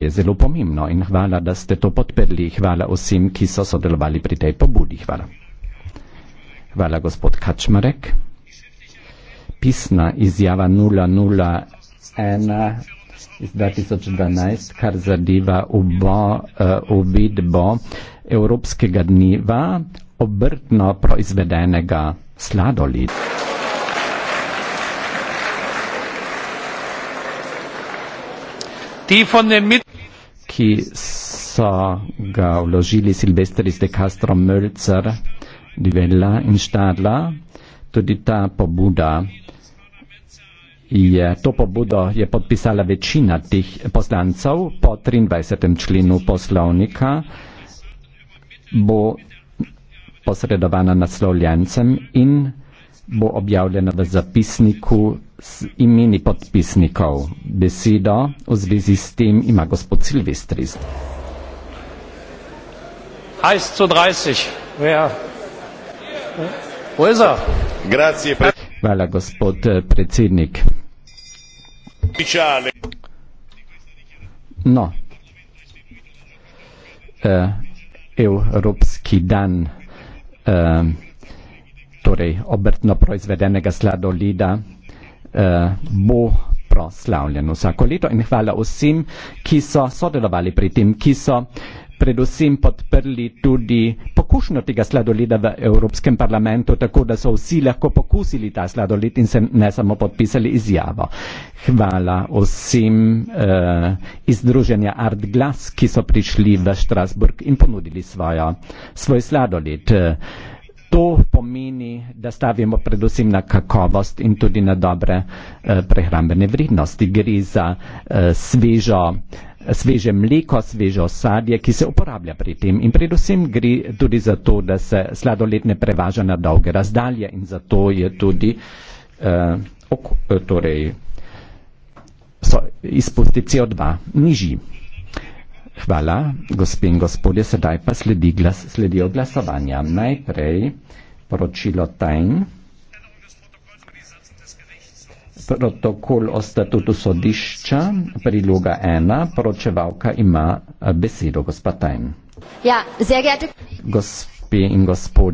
je zelo pomembno in hvala, da ste to podprli. Hvala vsem, ki so sodelovali pri tej pobudi. Hvala. Hvala, gospod Kačmarek. Pisna izjava 001 iz 2012, kar zadeva eh, uvidbo Evropskega dneva obrtno proizvedenega sladolida. Die von den Mit ki so ga vložili Silvestri de Castro Mölcer, Divella in Stadla, tudi ta pobuda. Je, to pobudo je podpisala večina teh poslancev po 23. členu poslovnika, bo posredovana naslovljencem in bo objavljena v zapisniku z imeni podpisnikov. Besedo v zvezi s tem ima gospod Silvestrist. Er? Hvala, gospod eh, predsednik. No. Eh, Evropski dan eh, torej obrtno proizvedenega sladolida, eh, bo proslavljen vsako leto in hvala vsem, ki so sodelovali pri tem, ki so predvsem podprli tudi pokušnjo tega sladolida v Evropskem parlamentu, tako da so vsi lahko pokusili ta sladolid in se ne samo podpisali izjavo. Hvala vsem eh, iz Združenja Art Glas, ki so prišli v Strasburg in ponudili svojo, svoj sladolid. To pomeni da stavimo predvsem na kakovost in tudi na dobre eh, prehrambene vrednosti. Gre za eh, svežo, sveže mleko, svežo sadje, ki se uporablja pri tem. In predvsem gre tudi za to, da se sladoletne prevaža na dolge razdalje in zato je tudi eh, torej, so izpusti CO2 nižji. Hvala, gospe in gospodje, sedaj pa sledi glas, sledijo glasovanja. Najprej poročilo Tajn, protokol o statutu sodišča, priloga ena, poročevalka ima eh, besedo gospa Tajn. Ja, Gospe in gospodje.